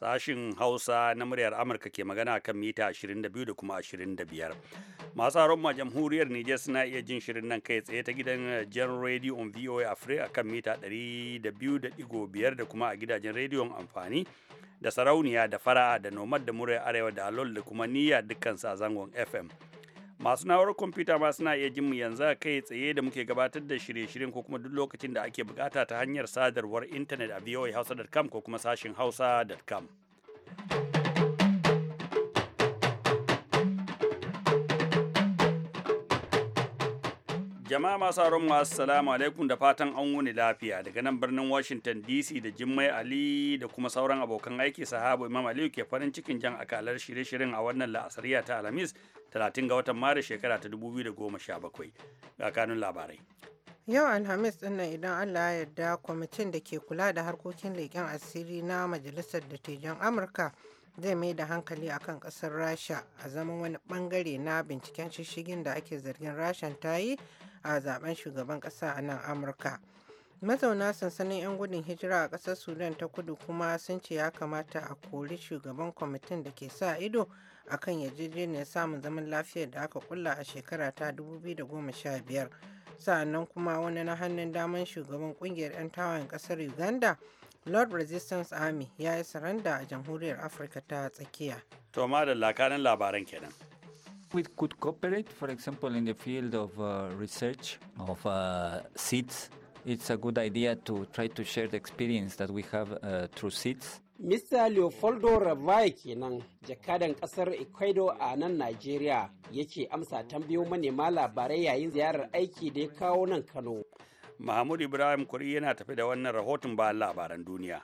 Sashin Hausa na muryar Amurka ke magana kan mita 22 da kuma 25. Masu haron ma jamhuriyar Nijar suna iya jin shirin nan kai tsaye ta gidan jan radio on VOA Africa a kan mita 200.5 da kuma a gidajen rediyon amfani da sarauniya da fara'a da nomad da muryar arewa da alol da kuma niyya dukkan sa zangon FM. masu na'urar kwamfuta ma suna iya jin mu yanzu kai tsaye da muke gabatar da shirye-shiryen ko kuma duk lokacin da ake bukata ta hanyar sadarwar intanet a voahausa.com ko kuma sashin hausa.com jama'a masu haron masu salamu alaikum da fatan an wuni lafiya daga nan birnin washington dc da jimmai ali da kuma sauran abokan aiki sahabu imam aliyu ke farin cikin jan akalar shirye-shiryen a wannan la'asariya ta alhamis 30 ga watan maris shekara ta 2017 ga kanun labarai yau alhamis din nan idan allah ya yarda kwamitin da ke kula da harkokin leƙen asiri na majalisar dattijan amurka zai mai da hankali akan ƙasar rasha a zaman wani ɓangare na binciken shishigin da ake zargin rashan ta yi a zaben shugaban ƙasa a nan amurka mazauna sansanin 'yan gudun hijira a ƙasar sudan ta kudu kuma sun ce ya kamata a kori shugaban kwamitin da ke sa ido akan yarjejeniyar samun zaman lafiyar da aka kulla a shekara ta 2015 sa'annan kuma wani na hannun daman shugaban kungiyar 'yan tawayen kasar uganda lord resistance army ya yi saranda a jamhuriyar afirka ta tsakiya to ma da lakanin labaran kenan we could cooperate for example in the field of uh, research of uh, seeds it's a good idea to try to share the experience that we have uh, through seeds mista Leopoldo Ravaya kenan jakadan kasar Ecuador a nan Najeriya yake amsa tambayo manema labarai yayin ziyarar aiki da ya kawo nan Kano. Mahmud Ibrahim Kuri yana tafi da wannan rahoton ba labaran duniya.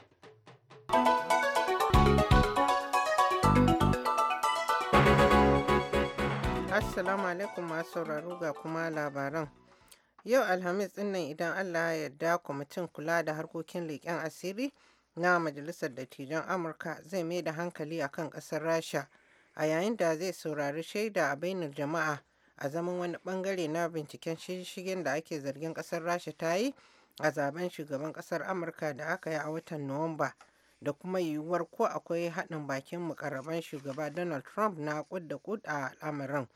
Assalamu alaikum masu sauraro ga kuma labaran. Yau Alhamis ɗinnan idan Allah ya yarda kwamitin kula da harkokin leƙen asiri na Majalisar Dattijan Amurka zai mai da hankali a kan ƙasar Rasha a yayin da zai saurari shaida a bainar jama'a a zaman wani bangare na binciken shishigin da ake zargin ƙasar Rasha ta yi a zaben shugaban ƙasar Amurka da aka yi a watan Nuwamba da kuma yiwuwar ko akwai haɗin bakin mukarraban shugaba Donald Trump na kud da kud a al'amarin.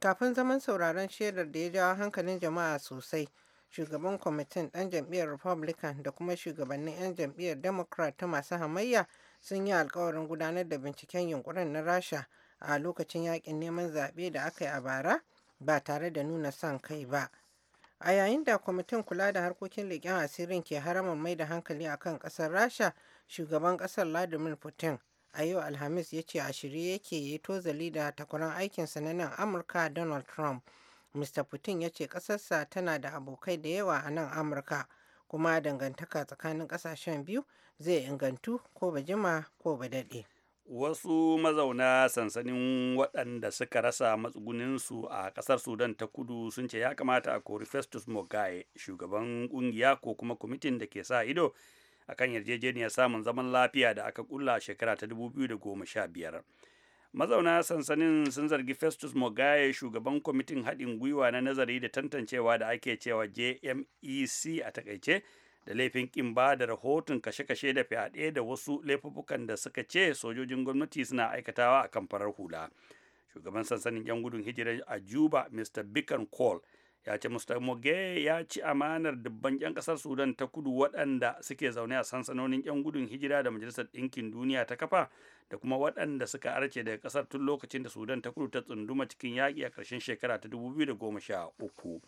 Kafin zaman sauraron shaidar da ya jawo hankalin jama'a sosai, shugaban kwamitin ɗan jam'iyyar republican da kuma shugabannin 'yan jam'iyyar democrat ta masu hamayya sun yi alkawarin gudanar da binciken yunkurin na rasha a lokacin yakin neman zaɓe da aka yi a bara ba tare da nuna son kai ba a yayin da kwamitin kula da harkokin leƙen asirin ke haramun mai da hankali a kan ƙasar rasha shugaban ƙasar vladimir putin a yau alhamis ya ce a shirye yake ya yi tozali da takwaran aikinsa na nan amurka donald trump Mr. Putin ya ce ƙasarsa tana da abokai da yawa a nan Amurka kuma dangantaka tsakanin ƙasashen biyu zai ingantu ko ba jima ko ba daɗe. Wasu mazauna sansanin waɗanda suka rasa matsuguninsu a ƙasar Sudan ta kudu sun ce ya kamata a kori Festus Mogae, shugaban ƙungiya ko kuma kwamitin da ke sa ido a kan yarjejeniyar samun zaman lafiya da aka ƙulla shekara ta 2015 mazauna sansanin sun zargi festus mogaye shugaban kwamitin haɗin gwiwa na nazari da tantancewa da ake cewa jmec a takaice da laifin kin ba da rahoton kashe-kashe da fyaɗe da wasu laifuffukan da suka ce sojojin gwamnati suna aikatawa a kan farar hula shugaban sansanin yan gudun hijira a juba mr bikan cole ya ce mr moge ya ci amanar dubban 'yan kasar sudan ta kudu waɗanda suke zaune a sansanonin 'yan gudun hijira da majalisar ɗinkin duniya ta kafa da kuma waɗanda suka arce daga kasar tun lokacin da sudan ta kudu ta tsunduma cikin yaƙi a ƙarshen shekara ta 2013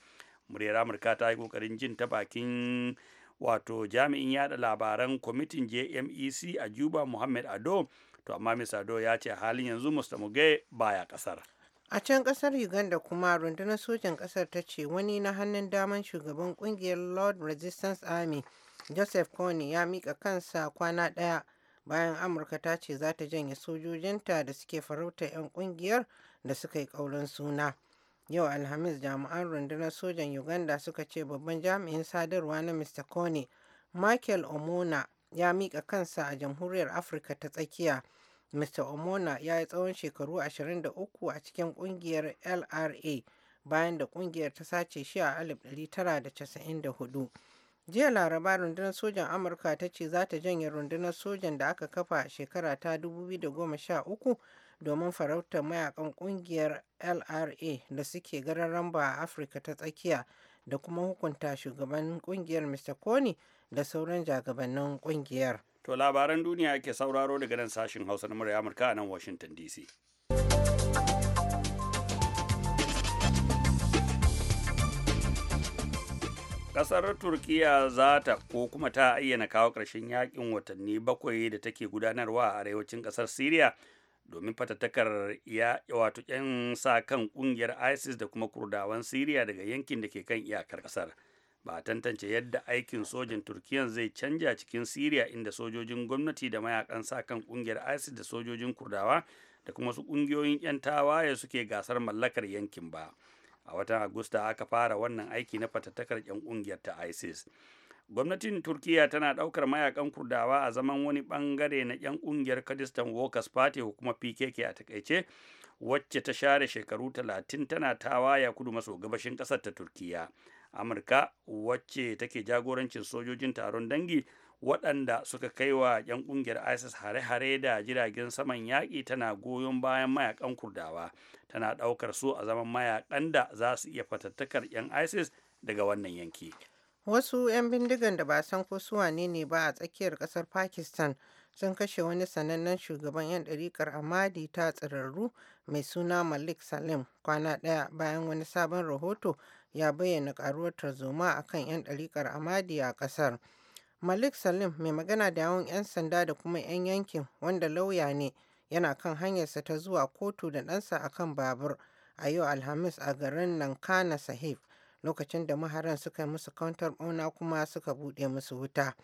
muryar amurka ta yi ƙoƙarin jin ta bakin wato jami'in yada labaran kwamitin jmec a juba muhammad ado to amma ado ya ce halin yanzu mr muge baya ƙasar A can kasar Uganda kuma rundunar sojan kasar ta ce wani na hannun daman shugaban kungiyar Lord Resistance Army Joseph Kony ya mika kansa kwana ɗaya bayan Amurka ta ce za ta janye sojojinta da suke farauta 'yan kungiyar da suka yi ƙaurin suna. Yau Alhamis jami'an rundunar sojan Uganda suka ce babban jami'in sadarwa na Mr. Kony Michael Omona ya mika kansa a Jamhuriyar Afirka ta tsakiya. Mr. Omona ya yi tsawon shekaru 23 a cikin kungiyar LRA bayan da kungiyar ta sace shi a 1994. Jiya Laraba rundunar sojan Amurka ta ce za ta janye rundunar sojan da aka kafa a shekara ta 2013 domin farautar mayakan kungiyar LRA da suke garan ramba a Afirka ta tsakiya da kuma hukunta shugaban kungiyar Mr. Kony da sauran jagabannin kungiyar. To labaran duniya ke sauraro daga nan sashin Hausa na murya Amurka a nan Washington DC. Ƙasar Turkiya za ta ko kuma ta ayyana kawo ƙarshen yakin watanni bakwai da take gudanarwa a arewacin ƙasar Siriya domin fatattakar ya wato 'yan sa kan ƙungiyar ISIS da kuma Kurdawan Siriya daga yankin da ke kan iyakar ƙasar. ba tantance yadda aikin sojin turkiyan zai canja cikin siriya inda sojojin gwamnati da mayakan sa kan kungiyar isis da sojojin kurdawa da kuma su kungiyoyin 'yan tawaye suke gasar mallakar yankin ba a watan agusta aka fara wannan aiki na fatattakar 'yan kungiyar ta isis gwamnatin turkiya tana daukar mayakan kurdawa a zaman wani bangare na 'yan kungiyar kurdistan workers party ko kuma pkk a takaice wacce ta share shekaru 30 tana tawaya kudu maso gabashin kasar ta turkiya amurka wacce take jagorancin sojojin taron dangi waɗanda suka kai wa 'yan ƙungiyar isis hare-hare da jiragen saman yaƙi tana goyon bayan mayakan kurdawa tana ɗaukar su a zaman mayakan da za su iya fatattakar 'yan isis daga wannan yanki wasu 'yan bindigan da ba san ko su wane ne ba a tsakiyar ƙasar pakistan sun kashe wani sanannen shugaban 'yan ɗarikar amadi ta tsirarru mai suna malik salim kwana ɗaya bayan wani sabon rahoto ya bayyana karuwar tarzoma kan 'yan ɗarikar Amadi a ƙasar. Malik Salim mai magana da yawon 'yan sanda da kuma 'yan yankin wanda lauya ne yana kan hanyarsa ta zuwa kotu da ɗansa a kan babur a yau Alhamis a garin Nankana Sahib lokacin da maharan suka yi musu kwantar ɓauna kuma suka buɗe musu wuta.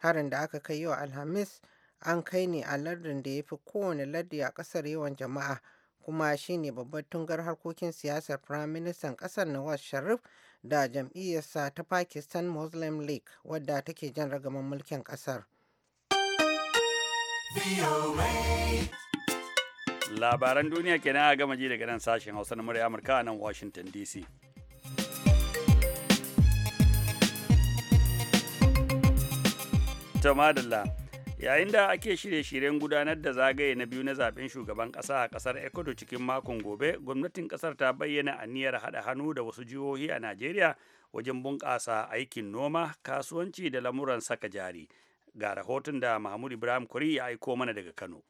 Harin da aka kai yau Alhamis an kai ne a lardin da ya fi kowane lardi a ƙasar yawan jama'a kuma shi ne babbar tungar harkokin siyasar firaministan ƙasar Nawaz Sharif da jam'iyyarsa ta Pakistan Muslim League wadda take jan ragaman mulkin ƙasar. Labaran duniya ke a gama ji daga nan sashen Hausa na murya Amurka a nan Washington DC. Tamadalla. yayin da ake shirye-shiryen gudanar da zagaye na biyu na zaben shugaban ƙasa a ƙasar ecuador cikin makon gobe gwamnatin ƙasar ta bayyana aniyar haɗa hannu da wasu jihohi a najeriya wajen bunƙasa aikin noma kasuwanci da lamuran saka jari ga rahoton da mahmud ibrahim kuri ya aiko mana daga kano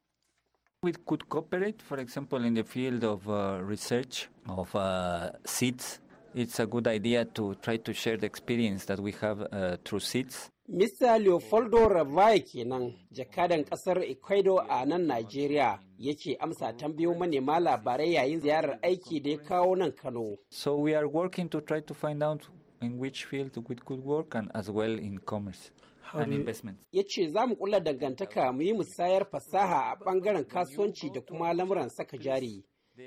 We could cooperate, for example, in the field of uh, research of uh, seeds. It's a good idea to try to share the experience that we have uh, through seeds. Mr. Leopoldo eh. Ravaya kenan jakadan kasar Ecuador a nan Najeriya yake amsa tambayo manema labarai yayin ziyarar aiki da ya kawo nan Kano. So we are working to try to find out in which field we could work and as well in commerce. Ya ce za mu kula dangantaka mu yi musayar fasaha a bangaren kasuwanci da kuma lamuran saka jari.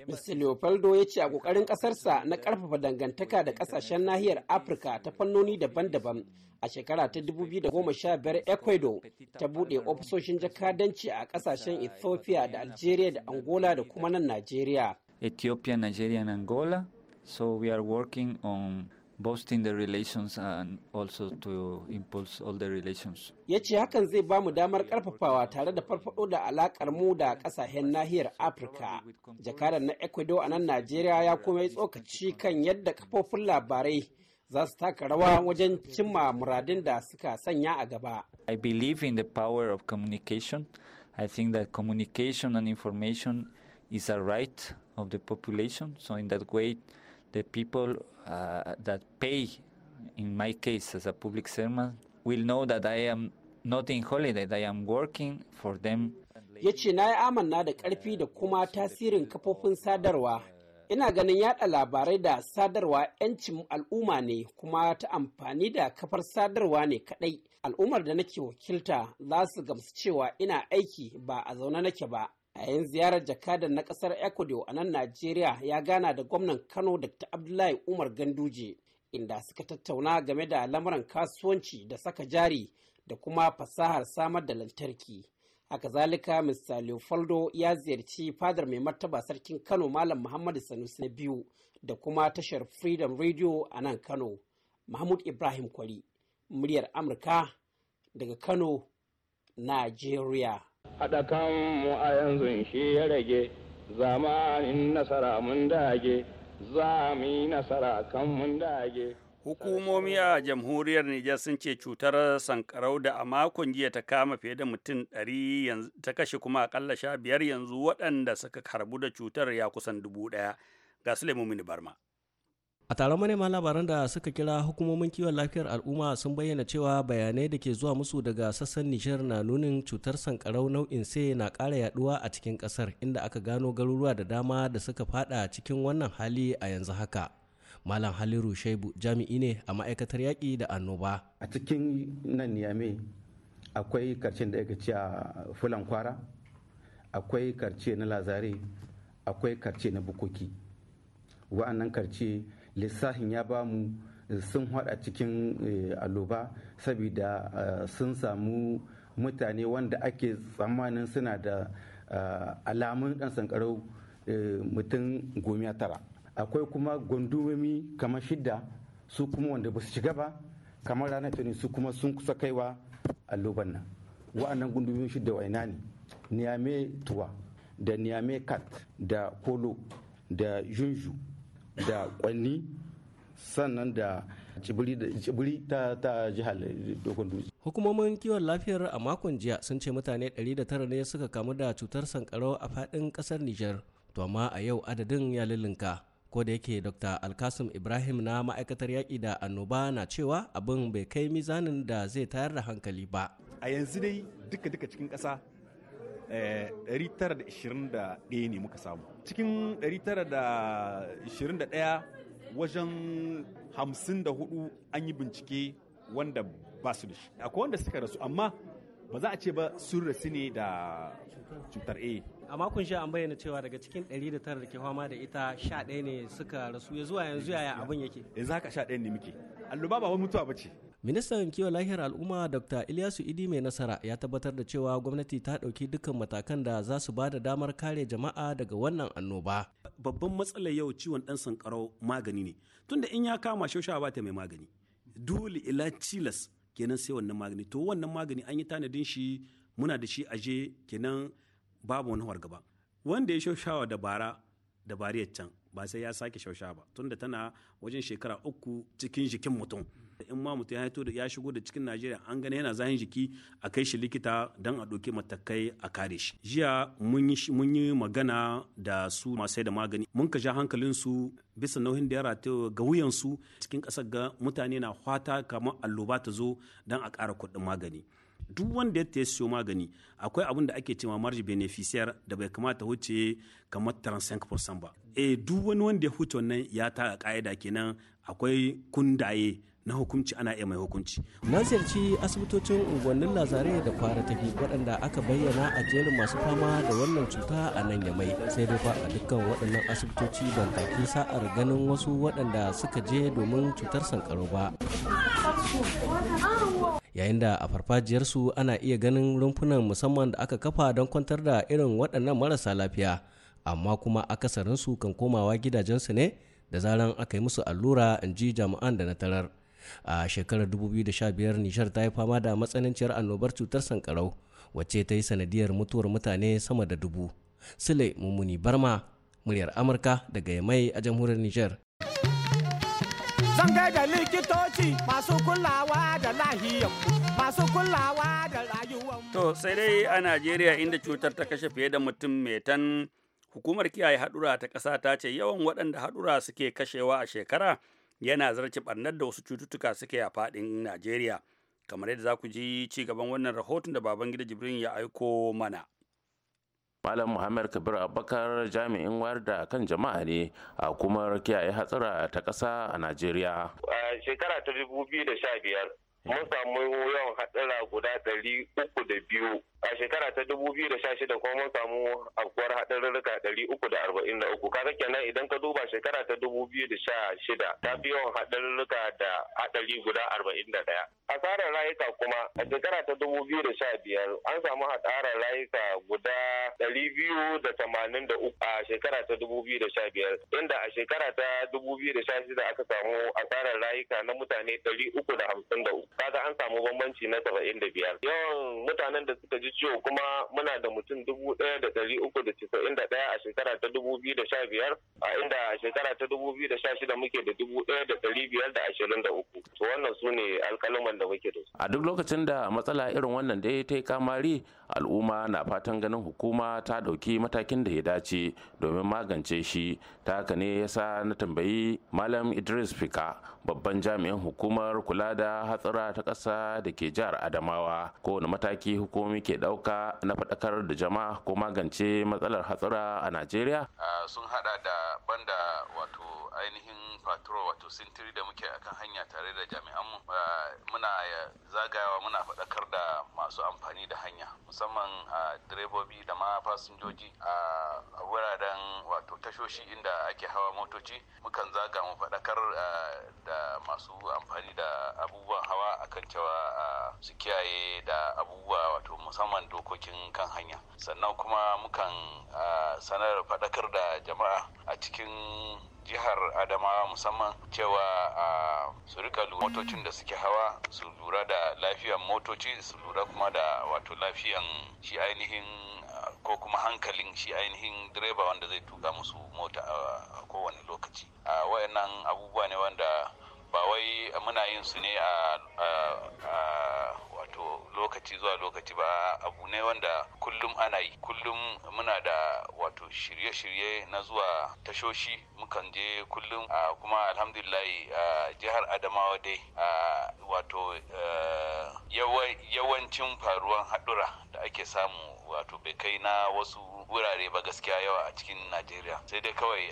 Mr. Leopoldo ya ce a ƙoƙarin ƙasarsa na ƙarfafa dangantaka da ƙasashen nahiyar Afirka ta fannoni daban-daban a shekara ta 2015 Ecuador ta buɗe ofisoshin jakadanci a ƙasashen Ethiopia da Algeria da Angola da kuma nan Najeriya. Ethiopia, Nigeria Angola. So we are working on boosting the relations and also to impulse all the relations. Ya ce hakan zai ba mu damar karfafawa tare da farfado da alakar mu da kasashen nahiyar Afirka. Jakadar na Ecuador a nan Najeriya ya kuma yi tsokaci kan yadda kafofin labarai za su taka rawa wajen cimma muradin da suka sanya a gaba. I believe in the power of communication. I think that communication and information is a right of the population. So in that way, the people uh, that pay, in my case as a public servant, will know that I am not in holiday, I am working for them. Ya ce na yi amanna da ƙarfi da kuma tasirin kafofin sadarwa. Ina ganin yada labarai da sadarwa 'yancin al'umma ne kuma ta amfani da kafar sadarwa ne kaɗai. Al'ummar da nake wakilta za su gamsu cewa ina aiki ba a zaune nake ba. a yayin ziyarar jakadan na kasar ecuador a nan najeriya ya gana da gwamnan kano dr abdullahi umar ganduje inda suka tattauna game da lamuran kasuwanci da saka jari da kuma fasahar samar da lantarki haka zalika mr Leofaldo ya ziyarci fadar mai martaba sarkin kano malam muhammadu sanusi na biyu da kuma tashar freedom radio a nan kano mahmud ibrahim kwari muryar amurka daga kano najeriya haɗa kanmu a yanzu shi ya rage zamanin nasara mun dage za mu yi nasara kan mun dage hukumomi a jamhuriyar Nijar sun ce cutar sankarau da a makon jiya ta kama fiye da mutum 100 ta kashe kuma akalla sha biyar yanzu waɗanda suka karbu da cutar ya kusan dubu ɗaya ga Suleiman Barma. A taron manema labaran da suka kira hukumomin kiwon lafiyar al'umma sun bayyana cewa bayanai da ke zuwa musu daga sassan Nijar na nunin cutar sankarau nau'in C na kara yaduwa a cikin kasar inda aka gano garuruwa da dama da suka fada cikin wannan hali a yanzu haka. Malam Haliru Shaibu jami'i ne a ma'aikatar yaƙi da annoba. A cikin nan Niamey akwai karshen da ake cewa Fulan Kwara, akwai karce na Lazare, akwai karce na Bukoki. Wa'annan karce lissafin ya bamu sun hada cikin eh, aloba saboda eh, sun samu mutane wanda ake tsammanin suna da eh, alamun dan sankarau mutum goma tara akwai kuma gundumomi kamar shidda su kuma wanda ba su shiga ba kamar ranar tuni su kuma sun kusa kaiwa alloban nan wa'annan gundumomi shidda wa'ina ne niyame tuwa da niyame kat da kolo da junju da kwalli sannan da cibiri ta, jihar dokon dutse. Hukumomin kiwon lafiyar a makon jiya sun ce mutane 109 ne suka kamu da cutar sankarau a faɗin ƙasar Nijar. To amma a yau adadin ya lullunka. Ko da yake Dr. Alkasim Ibrahim na ma'aikatar yaƙi da annoba na cewa abin bai kai mizanin da zai tayar da hankali ba. A yanzu dai duka-duka cikin ƙasa 921 eh, ne muka samu cikin 921 wajen 54 an yi bincike wanda ba su da shi akwai wanda suka rasu amma ba za a ce ba sun rasu ne da cutar a a makon sha an bayyana cewa daga cikin 109 da ke fama da ita 11 ne suka rasu ya zuwa yanzu yaya abin yake yanzu haka 11 ne muke alluba ba mutuwa ba ce Ministan kiwon lafiyar al'umma Dr. Ilyasu Idi mai nasara ya tabbatar da cewa gwamnati ta ɗauki dukkan matakan da za su ba da damar kare jama'a daga wannan annoba. Babban matsalar yau ciwon ɗan sankarau magani ne. Tunda in ya kama shaushawa ba ta mai magani. Dole ila cilas kenan sai wannan magani. To wannan magani an yi tanadin shi muna da shi aje kenan babu wani gaba. Wanda ya shaushawa da bara da can ba sai ya sake shaushawa ba tunda tana wajen shekara uku cikin jikin mutum. in ma mutum ya haito da ya shigo da cikin najeriya an gane yana zahin jiki a kai shi likita don a ɗauki matakai a kare shi jiya mun yi magana da su masu da magani mun ka ja hankalin su bisa nauyin da ya rata ga wuyansu cikin ƙasar ga mutane na fata kamar alloba ta zo don a ƙara kuɗin magani duk wanda ya siyo magani akwai abin da ake cewa marji benefisiyar da bai kamata huce kamar 35% ba eh duk wani wanda ya huce wannan ya ta ka'ida kenan akwai kundaye na hukunci ana iya mai hukunci. Na ziyarci asibitocin unguwannin Lazare da fara tafi waɗanda aka bayyana a jerin masu fama da wannan cuta a nan ya mai sai dai fa a dukkan waɗannan asibitoci ban kafi sa'ar ganin wasu waɗanda suka je domin cutar sankaro ba. Yayin da a farfajiyarsu ana iya ganin rumfunan musamman da aka kafa don kwantar da irin waɗannan marasa lafiya, amma kuma akasarinsu kan komawa gidajensu ne da zaran aka yi musu allura in ji jami'an da na tarar. a shekarar 2015 nishar ta yi fama da matsananciyar annobar cutar sankarau wacce ta yi sanadiyar mutuwar mutane sama da dubu sule mummuni barma muryar amurka daga yamai a jamhuriyar nijar zan da likitoci masu kulawa da lahiyar masu kulawa da rayuwar to sai dai a najeriya inda cutar ta kashe fiye da mutum metan hukumar kiyaye haɗura ta ƙasa ta ce yawan waɗanda haɗura suke kashewa a shekara yana zarce barnar da wasu cututtuka suke a faɗin najeriya kamar yadda za ku ji ci gaban wannan rahoton da baban gida jibrin ya aiko mana Malam Muhammad Kabir Abubakar jami'in wayar da kan jama'a ne a kuma kiyaye hatsara ta ƙasa a Najeriya. Shekara ta 2015 mun samu yawan hatsara guda ɗari uku da biyu a shekara ta dubu biyu da sha shida kuma mun samu afkuwar haɗarurruka ɗari uku da arba'in da uku kaga kenan idan ka duba shekara ta dubu biyu da sha shida ta fi yawan haɗarurruka da haɗari guda arba'in da ɗaya asarar rayuka kuma a shekara ta dubu biyu da sha biyar an samu hasarar rayuka guda ɗari biyu da tamanin da uku a shekara ta dubu biyu da sha biyar inda a shekara ta dubu biyu da sha shida aka samu asarar rayuka na mutane ɗari uku da hamsin da uku kaga an samu bambanci na saba'in da biyar yawan mutanen da suka ji ciwo kuma muna da mutum dubu ɗaya da ɗari uku da casa'in da ɗaya a shekara ta dubu biyu da sha biyar a inda a shekara ta dubu biyu da sha shida muke da dubu ɗaya da ɗari biyar da ashirin da uku to wannan su ne alkaluman da muke da su. a duk lokacin da matsala irin wannan da ta yi kamari al'umma na fatan ganin hukuma ta ɗauki matakin da ya dace domin magance shi ta haka ne yasa na tambayi malam idris fika babban jami'in hukumar kula da hatsara ta ƙasa da ke jihar adamawa kowane mataki hukumi ke ɗauka na faɗakar da jama'a ko magance matsalar hatsara a najeriya sun hada da banda wato ainihin fatura wato sintiri da muke akan hanya tare da jami'an muna zagayawa muna faɗakar da masu amfani da hanya musamman a direbobi da ma fasinjoji a wuraren wato tashoshi inda ake hawa motoci mukan zaga mu faɗakar da masu amfani da abubuwan hawa akan cewa su kiyaye da abubuwa wato musamman dokokin kan hanya sannan kuma mukan sanar faɗakar da jama'a a cikin jihar adamawa musamman cewa su rika motocin da suke hawa su lura da lafiyan motoci su lura kuma da wato lafiyan shi ainihin ko kuma hankalin shi ainihin direba wanda zai tuka musu mota a kowane lokaci a wayannan abubuwa ne wanda ba wai muna yin su ne a wato lokaci zuwa lokaci ba abu ne wanda kullum ana yi kullum muna da wato shirye-shirye na zuwa tashoshi mukan je kullum kuma a jihar adamawa dai wato yawancin faruwan haɗura da ake samu wato bai kai na wasu wurare ba gaskiya yawa a cikin najeriya sai dai kawai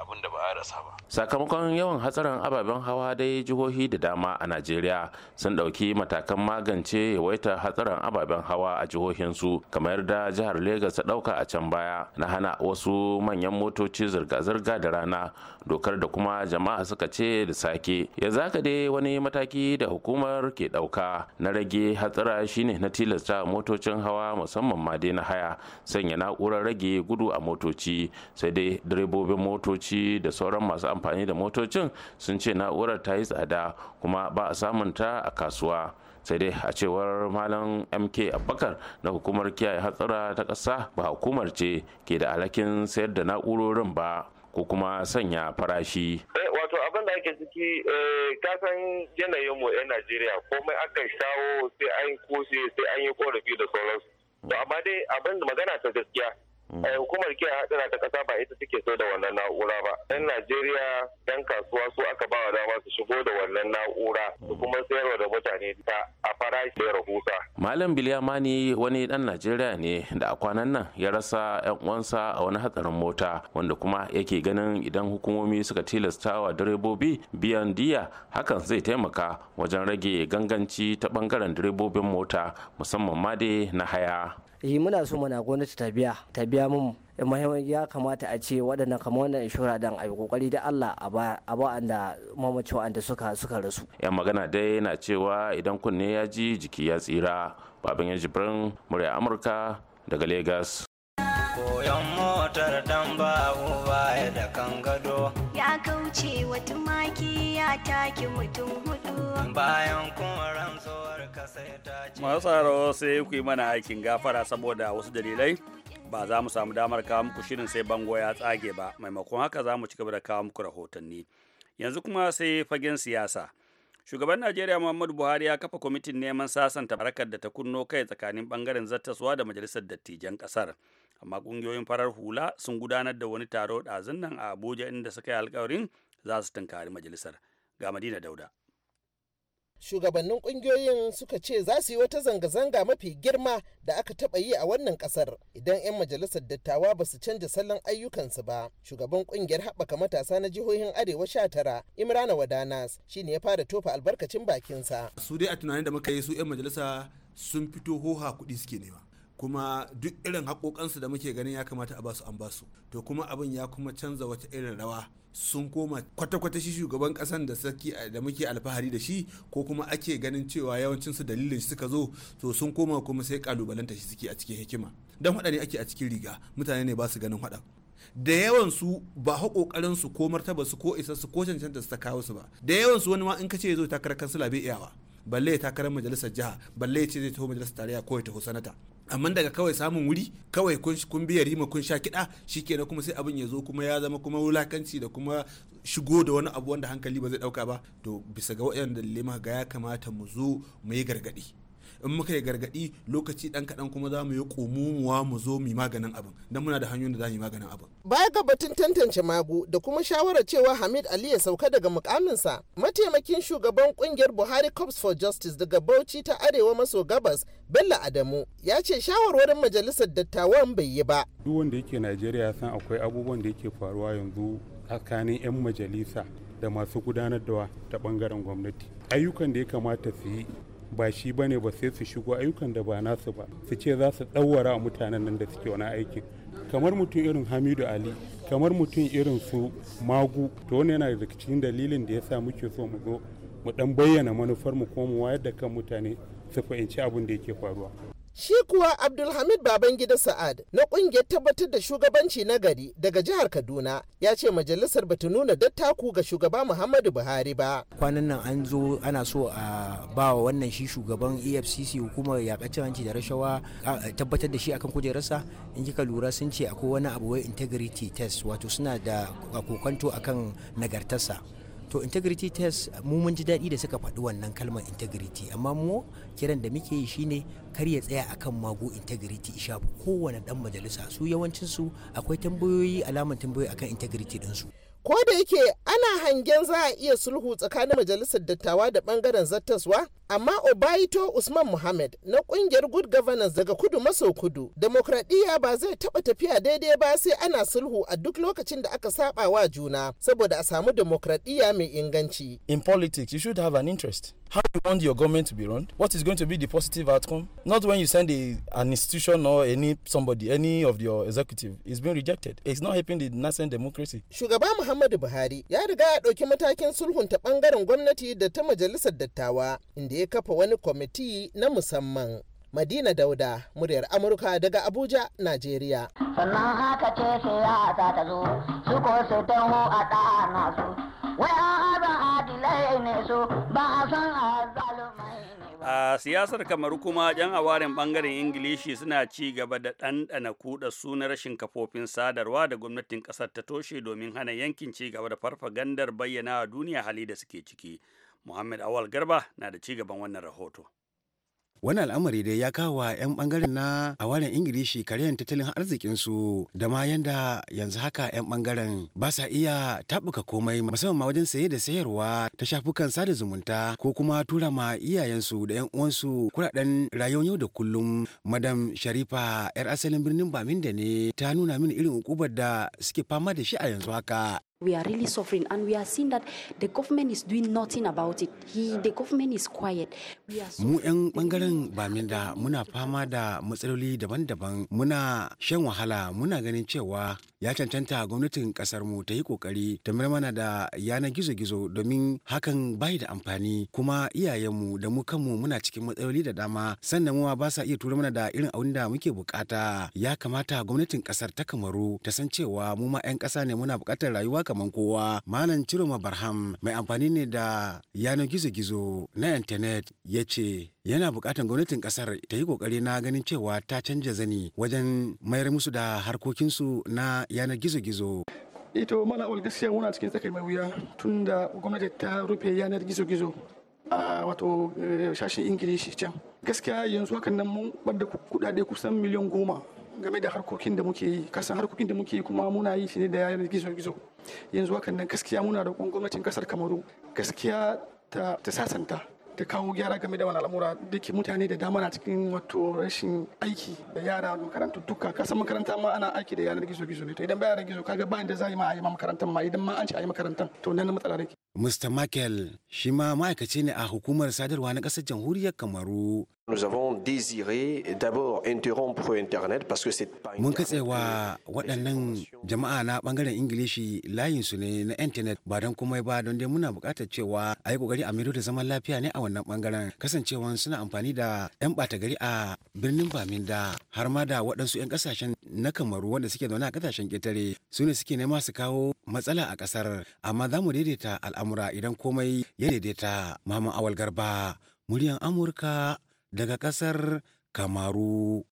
abin da ba a rasa ba sakamakon yawan hatsarin ababen hawa dai jihohi da dama a najeriya sun ɗauki matakan magance yawaitar hatsarin ababen hawa a jihohinsu kamar da jihar Legas ta ɗauka a can baya na hana wasu manyan motoci zirga-zirga da rana dokar da kuma jama'a suka ce da sake ya zaka dai wani mataki da hukumar ke ɗauka na rage hatsara shine na tilasta motocin hawa musamman ma dai na haya sanya na'ura na'urar rage gudu a motoci sai dai direbobin motoci da sauran masu amfani da motocin sun ce na'urar ta yi tsada kuma ba a samun ta a kasuwa sai dai a cewar malam mk abubakar na hukumar kiyaye hatsara ta ƙasa ba hukumar ce ke da alhakin sayar da na'urorin ba ko kuma sanya farashi eh, wato abin da ake ciki eh, kasan yanayin mu 'yan najeriya komai aka shawo sai an kose sai an yi korafi da sauransu to amma dai abin magana ta gaskiya Eh, hukumar kiyaye hadura ta kasa ba ita take so da wannan na'ura ba yan najeriya yan kasuwa su aka bawa dama su shigo da wannan na'ura su kuma sayarwa da mutane ta a farashi da rahusa malam Bilyamani wani dan najeriya ne da a kwanan nan ya rasa yan uwansa a wani hatsarin mota wanda kuma yake ganin idan hukumomi suka tilasta wa direbobi biyan diya hakan zai taimaka wajen rage ganganci ta bangaren direbobin mota musamman ma dai na haya eh muna so mana gwamnati ta biya ta biya mu eh, ya kamata a ce waɗannan kamar wannan inshora dan a kokari da Allah a ba an da mamacewa da suka suka rasu yan magana dai na cewa idan kunne ya ji jiki ya tsira baban ya jibrin murya amurka daga lagos koyon motar dan babu baya da kan gado ya kauce wata maki ya take mutum masu tsaro sai ku yi mana aikin gafara saboda wasu dalilai ba za mu samu damar kawo muku shirin sai bango ya tsage ba maimakon haka za mu ci gaba da kawo muku rahotanni yanzu kuma sai fagen siyasa shugaban najeriya muhammadu buhari ya kafa kwamitin neman sasanta barakar da ta kunno kai tsakanin bangaren zattaswa da majalisar dattijan kasar amma kungiyoyin farar hula sun gudanar da wani taro ɗazun nan a abuja inda suka yi alkawarin za su tunkari majalisar ga madina dauda shugabannin kungiyoyin suka ce za su yi wata zanga-zanga mafi girma da aka taɓa yi a wannan ƙasar idan 'yan majalisar dattawa ba su canja salon ayyukansu ba shugaban kungiyar haɓaka matasa na jihohin arewa sha tara imrana wadanas ne ya fara tofa albarkacin bakinsa su dai a tunanin da muka yi su 'yan majalisa sun fito hoha kuɗi suke nema kuma duk irin haƙoƙansu da muke ganin ya kamata a basu an basu to kuma abin ya kuma canza wata irin rawa sun koma kwata-kwata shi shugaban kasan da saki da muke alfahari da shi ko kuma ake ganin cewa yawancin su dalilin shi suka zo to sun koma kuma sai kalubalanta shi suke a cikin hikima dan hada ne ake a cikin riga mutane ne ba su ganin hada da yawan su ba ha kokarin su ko martaba su ko isa su ko cancanta su ta kawo su ba da yawan su wani ma in kace zo takarar kansila bai iyawa balle ya takarar majalisar jiha balle ya ce zai taho majalisar tarayya ko ya taho sanata amma daga kawai samun wuri kawai kun biya rima kun sha kiɗa shi shikenan kuma sai abin ya zo kuma ya zama kuma wulakanci da kuma shigo da wani abu wanda hankali ba zai ɗauka ba to bisa ga waɗanda dalilai ga ya kamata mu zo mu yi gargaɗi in muka yi gargadi lokaci dan kaɗan kuma za mu yi komowa mu zo mu maganin abin dan muna da hanyoyin da za mu yi maganin abin baya ga batun tantance magu da kuma shawarar cewa Hamid Ali ya sauka daga mukaminsa mataimakin shugaban kungiyar Buhari Cops for Justice daga Bauchi ta Arewa maso gabas Bello Adamu ya ce shawarwarin majalisar dattawan bai yi ba duk wanda yake Najeriya san akwai abubuwan da yake faruwa yanzu tsakanin 'yan majalisa da masu gudanar dawa ta bangaren gwamnati ayyukan da ya kamata su yi ba shi ba ne ba sai su shigo ayyukan da ba nasu ba su ce za su ɗaura a mutanen nan da suke wani aiki kamar mutum irin hamidu ali kamar mutum irin su magu to wani yana da cikin dalilin da ya sa muke so mu zo mu ɗan bayyana manufar mu kuma mu wayar da kan mutane su fahimci abin da yake faruwa Shi kuwa Abdulhamid Babangida Sa'ad na kungiyar tabbatar da shugabanci na gari daga jihar Kaduna ya ce majalisar bata nuna dattaku ga shugaba Muhammadu Buhari ba. Kwanan nan an zo ana so a ba wa wannan shi shugaban EFCC hukumar yakacin hanci da rashawa tabbatar da shi akan kujerarsa in kika lura sun ce akwai wani abu wai integrity test wato suna da kokonto akan nagartarsa. to integrity test mu mun ji daɗi da suka faɗi wannan kalmar integrity amma mu kiran da muke yi shine kar ya tsaya akan mago integrity isha kowane dan majalisa su yawancin su akwai tambayoyi alamar tambayoyi akan integrity din su ko da yake ana hangen za a iya sulhu tsakanin majalisar dattawa da bangaren zattaswa amma obaito usman muhammad na kungiyar good governance daga kudu maso kudu demokradiyya ba zai taba tafiya daidai ba sai ana sulhu a duk lokacin da aka saba wa juna saboda a samu demokradiyya mai inganci in politics you should have an interest how you want your government to be run what is going to be the positive outcome not when you send a, an institution or any somebody any of your executive is being rejected it's not helping the nascent democracy shugaba muhammad Muhammadu Buhari ya riga ya ɗauki matakin sulhunta ɓangaren gwamnati da ta majalisar dattawa inda ya kafa wani kwamiti na musamman. Madina Dauda, muryar Amurka daga Abuja, Najeriya. Sannan haka ce siyasa ta zo, su ko su a wai an adilai ne su ba a san a a siyasar kamaru kuma yan awarin bangaren ingilishi suna ci gaba da ɗanɗana kuɗa sunan rashin kafofin sadarwa da gwamnatin ƙasar ta toshe domin hana yankin ci gaba da farfagandar bayyana duniya hali da suke ciki muhammad awal garba na da ci gaban wannan rahoto Wani al'amari dai ya kawo wa 'yan bangaren na a wannan ingilishi karyan tattalin arzikin su da ma yanda yanzu haka 'yan bangaren ba sa iya tabuka komai musamman ma wajen saye da sayarwa ta shafukan sada zumunta ko kuma tura ma iyayensu da 'yan uwansu kuɗaɗen rayuwar yau da kullum madam sharifa 'yar asalin birnin baminda ne ta nuna mini irin ukubar da suke fama da shi a yanzu haka We are really suffering, and we are seeing that the government is doing nothing about it. He, the government is quiet. Mu 'yan ɓangaren Baminda muna fama da matsaloli daban-daban, muna shan wahala, muna ganin cewa ya cancanta gwamnatin kasar mu ta yi kokari ta mana da yanar gizo-gizo domin hakan bai da amfani kuma iyayenmu da mu kanmu muna cikin matsaloli da dama sannan muwa ba sa iya tura mana da irin abin da muke bukata ya kamata gwamnatin ƙasar ta kamaru ta san cewa mu ma 'yan ƙasa ne muna bukatar rayuwa kamar kowa malam ciroma barham mai amfani ne da yanar gizo-gizo na intanet ya ce yana bukatan gwamnatin kasar ta yi kokari na ganin cewa ta canja zani wajen mayar musu da harkokinsu na yanar gizo-gizo ito eh mala gaskiya muna cikin tsakai mai wuya tun da gwamnati ta rufe yanar gizo-gizo a wato eh, shashin ingilishi can gaskiya yanzu hakan nan mun bada kudade kusan miliyan goma game da harkokin da muke yi kasan harkokin da muke yi kuma muna yi shi ne da yanar gizo-gizo yanzu hakan nan gaskiya muna roƙon gwamnatin kasar kamaru gaskiya ta sasanta ta kawo gyara game da wani al'amura da ke mutane da dama na cikin wato rashin aiki da yara makarantu duka kasan makaranta ma ana aiki da yanar gizo gizo ne to idan ba yanar gizo kaga ba da za yi ma a yi makarantar ma idan ma an ce a yi makarantar to nan matsala ne. Mr. Michael shi ma ma'aikaci ne a hukumar sadarwa na ƙasar jamhuriyar Kamaru Nous avons désiré d'abord interrompre Internet parce que c'est pas Mun wa waɗannan jama'a na ɓangaren Ingilishi layinsu ne na Internet ba don komai ba don dai muna buƙatar cewa a yi ƙoƙari a maido da zaman lafiya ne a wannan ɓangaren kasancewa suna amfani da 'yan ɓata gari a birnin Baminda har ma da waɗansu 'yan ƙasashen na Kamaru wanda suke zaune a ƙasashen ƙetare su ne suke nema su kawo matsala a ƙasar amma za mu daidaita al'amura idan komai ya daidaita Maman Awal Garba muryan Amurka daga ƙasar Kamaru.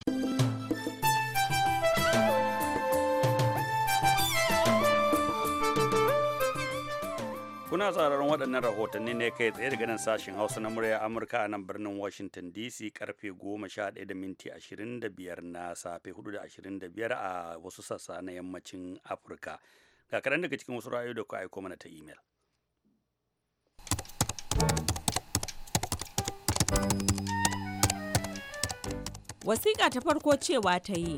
Kuna tsararin waɗannan rahotanni ne kai tsaye daga nan sashen Hausa na murya Amurka a nan birnin Washington DC karfe 11 da minti 25 na safe 4 da 25 a wasu sassa na yammacin Afirka. Ga kaɗan daga cikin wasu ra'ayoyi da ku aiko mana ta imel. Wasiƙa ta farko cewa ta yi,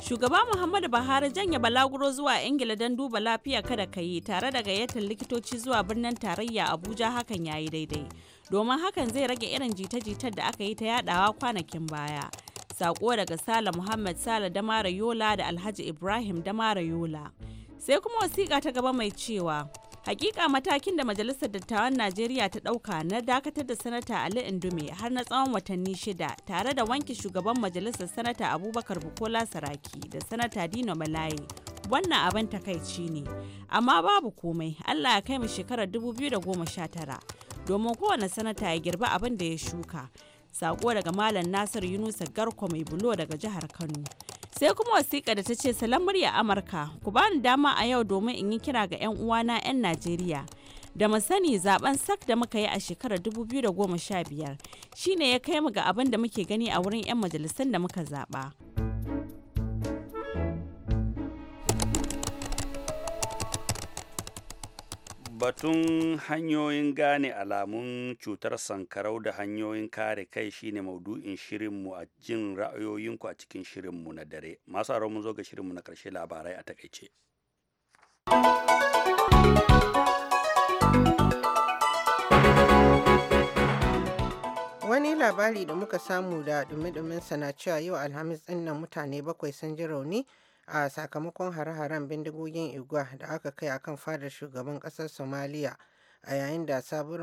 Shugaba Muhammadu Buhari janye balaguro zuwa Ingila don duba lafiya kada ka yi tare da gayyatar likitoci zuwa birnin tarayya Abuja hakan ya yi daidai. Domin hakan zai rage irin jita-jitar da aka yi ta yadawa kwanakin baya. Sako daga Sala Muhammad Sala Damara Yola da Alhaji Ibrahim Damara Yola. Sai kuma wasiƙa ta gaba mai cewa, Hakika matakin da Majalisar Dattawan Najeriya ta ɗauka na dakatar da Sanata Ali Indume har na tsawon watanni shida tare da wanke shugaban Majalisar Sanata Abubakar Bukola Saraki da Sanata Dino Malaye. Wannan abin takaici ne, amma babu komai Allah ya kai mu shekarar 2019 domin kowane sanata ya girba abin da ya shuka. Sako daga Malam Nasir Yunusa Garko mai bulo daga jihar Kano. sai kuma wasiƙa da ta ce salon murya amurka ku ba ni dama a yau domin in yi kira ga 'yan uwana 'yan najeriya da mu sani zaben sak da muka yi a shekarar 2015 shine ya kai mu ga abin da muke gani a wurin 'yan majalisun da muka zaba. batun hanyoyin gane alamun cutar sankarau da hanyoyin kare kai shine maudu'in shirinmu a jin ra'ayoyinku a cikin shirinmu na dare masu mun zo ga shirinmu na karshe labarai a takaice wani labari da muka samu da dumi-duminsa na cewa yau alhamis dinnan mutane bakwai sun ji rauni a sakamakon hare-haren bindigogin igwa da aka kai a kan fadar shugaban kasar somaliya a yayin da sabuwar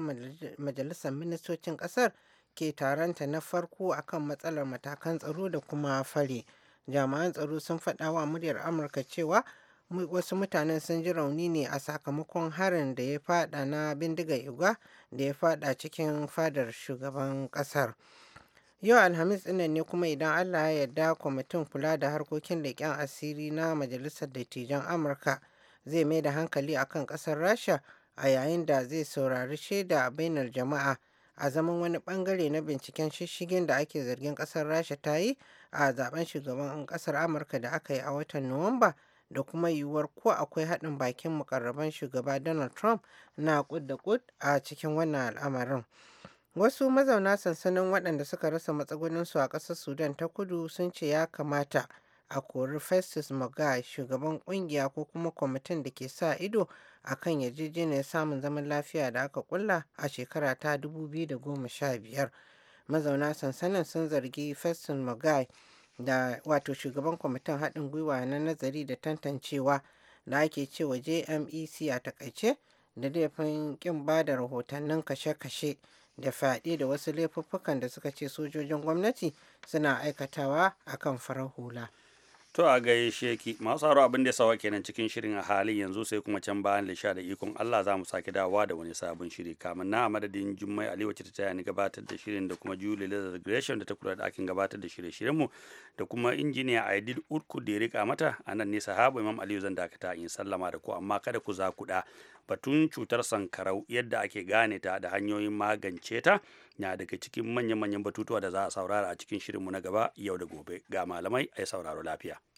majalisar ministocin kasar ke taronta na farko a kan matsalar matakan tsaro da kuma fari, jami'an tsaro sun faɗa wa muryar amurka cewa wasu mutanen sun ji rauni ne a sakamakon harin da ya fada na bindigar igwa da ya fada cikin fadar shugaban kasar. Yau Alhamis ɗinnan ne kuma idan Allah ya yarda kwamitin kula da harkokin leƙen asiri na Majalisar Dattijan Amurka zai mai da hankali a kan ƙasar Rasha a yayin da zai saurari shaida a bainar jama'a a zaman wani ɓangare na binciken shishigin da ake zargin ƙasar Rasha ta yi a zaben shugaban ƙasar Amurka da aka yi a watan Nuwamba da kuma yiwuwar ko akwai haɗin bakin mukarraban shugaba Donald Trump na kud da kud a cikin wannan al'amarin. Wasu mazauna sansanin waɗanda suka rasa matsugunansu a ƙasar Sudan ta kudu sun ce ya kamata a kori Festus Mogai shugaban ƙungiya ko kuma kwamitin da ke sa ido a kan yarjejeniyar samun zaman lafiya da aka kulla a shekara ta 2015. Mazauna sansanin sun zargi Festus maga da wato shugaban kwamitin haɗin gwiwa na nazari da tantancewa da ake cewa JMEC a takaice da laifin kin ba da rahotannin kashe-kashe. da fyaɗe da wasu laifuffukan da suka ce sojojin gwamnati suna aikatawa a kan farar hula. To a gaishe ki masu haro abin da ya sawa kenan cikin shirin a halin yanzu sai kuma can bayan lisha da ikon Allah za mu sake dawowa da wani sabon shiri kamar na madadin Jummai Ali wacce ta taya ni gabatar da shirin da kuma Julie Lizard Gresham da ta kula da akin gabatar da shirye shiryenmu da kuma injiniya aidil urku da ya rika mata a nan ne sahabu imam aliyu zan dakata in sallama da ku amma kada ku za kuɗa batun cutar sankarau yadda ake gane ta da hanyoyin magance ta na daga cikin manya-manyan batutuwa da za a saurara a cikin shirinmu na gaba yau da gobe ga malamai a sauraro lafiya.